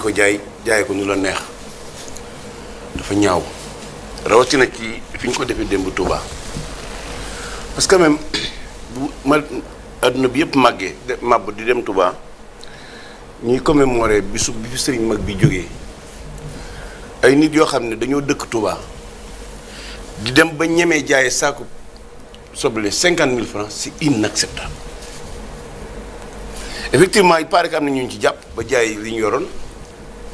ko jaay jaay ko ñu la neex dafa ñaaw rawatina ci fi ñu ko defee démb Touba parce que même bu ma adduna bi yëpp màggee màbb di dem Touba ñuy commémorer bisu bi fi sëriñ mag bi jógee ay nit yoo xam ne dañoo dëkk Touba di dem ba ñemee jaaye saaku soble cinquante mille francs c'est inacceptable effectivement il paraît que am na ñu ci jàpp ba jaay li ñu yoroon.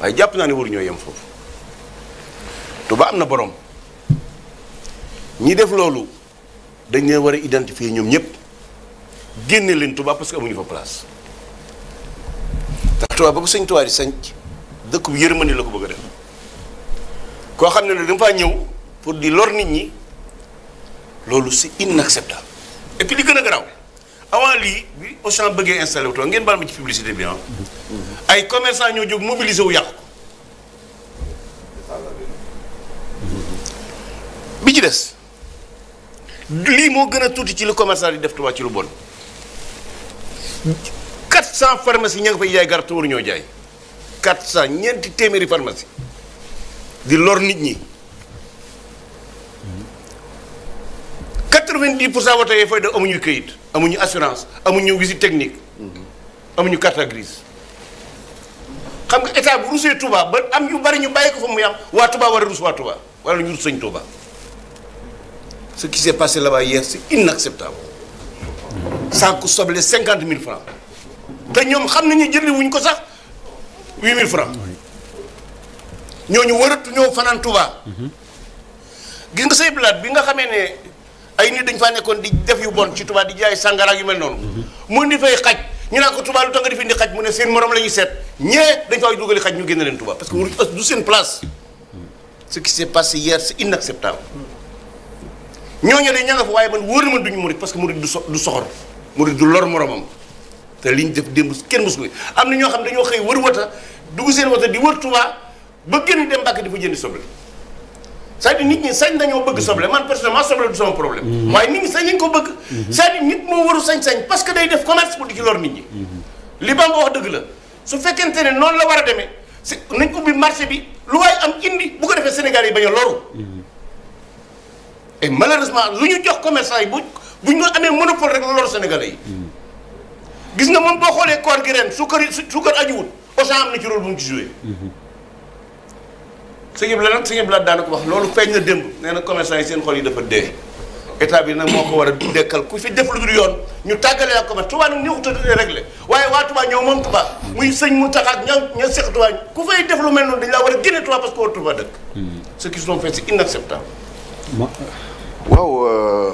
waaye jàpp naa ne waru ñoo yem foofu Touba am na boroom ñi def loolu dañ leen war a identifier ñoom ñëpp génne leen Touba parce que amuñu fa place ndax Touba ba ko sëñ Touba di sanc dëkk bu yërmande la ko bëgg a def koo xam ne ne dama faa ñëw pour di lor nit ñi loolu c'est inacceptable et puis li gën a garaaw avant lii bi Auchan bëggee installé wutoon ngeen baal ma ci publicité bi ah. Mm-hmm. ay commerçant ñoo jóg mobilisé wu yàq ko. Mm-hmm. bi ci des lii moo gën a tuuti ci li commerçant di def tubaab ci lu bon. 400 pharmacie ña nga fay jaay garab te waruñoo jaay 400 ñeenti téeméeri pharmacie di lor nit ñi. 90 pour cent woto yee fay da amuñu këyit amuñu assurance amuñu visite technique amuñu carte grise xam nga état bu rusee Touba ba am ñu bari ñu bàyyi ko fa mu yam waa Touba war a rus waa Touba wala ñu rus sëñ Touba ce qui s'est passé là-bas hier que soble cinquante mille francs te ñoom xam nañu jënd wuñ ko sax huit mille francs ñooñu waratu ñoo fanaan Touba. Mhm. gis nga say blaat bi nga xamee ne ay nit dañ faa nekkoon di def yu bon ci Touba di jaay sàngara yu mel noonu. mu indi fay xaj ñu naan ko Touba lu tax nga di fi xaj mu ne seen morom la ñuy seet ñee dañ ñu génne leen Touba parce que du seen place. ce qui s'est passé hier c'est inacceptable. ne ña nga fa waaye man wóor na man duñu murit parce que murit du so du soxor murit du lor moromam te liñ def démb kenn mosu ko am na ñoo xam dañoo xëy wër wata dugg seen wata di wër Touba ba génn dem Mbàkke di fa jëndi soble. cest à nit ñi sañ nañoo bëgg soble man personnellement soble du sama problème. Mhm. waaye nit ñi sañ nañ ko bëgg. Mhm. c'est-à-dire nit moo waru sañ-sañ parce que day def commerce pour di ci lor nit ñi. Mhm. li ba nga wax dëgg la su fekkente ne noonu la war a demee si nañ ubbi marché bi lu waaye am indi bu ko defee Sénégal yi bañ a loru. et malheureusement lu ñu jox commerçant yi bu bu ñu amee monopole rek la loru Sénégalais yi. gis nga moom boo xoolee koor gi ren su kër su kër ajuwut Auchan am na ci sëñ bi la nag sëñ wax loolu feeñ na démb nee na yi seen xol yi dafa dee état bi nag moo ko war a dekkal ku fi def lu dul yoon ñu tàggale la commerce Touba nag ñëw tëddee réglé waaye waa Touba ñoo moom Touba muy sëñ Mountakha ak ña ña seq ku fay def lu mel noonu dañ laa war a génne Touba parce que dëkk. Hmm. ce qui sont fait c'est inacceptable. waaw. Euh,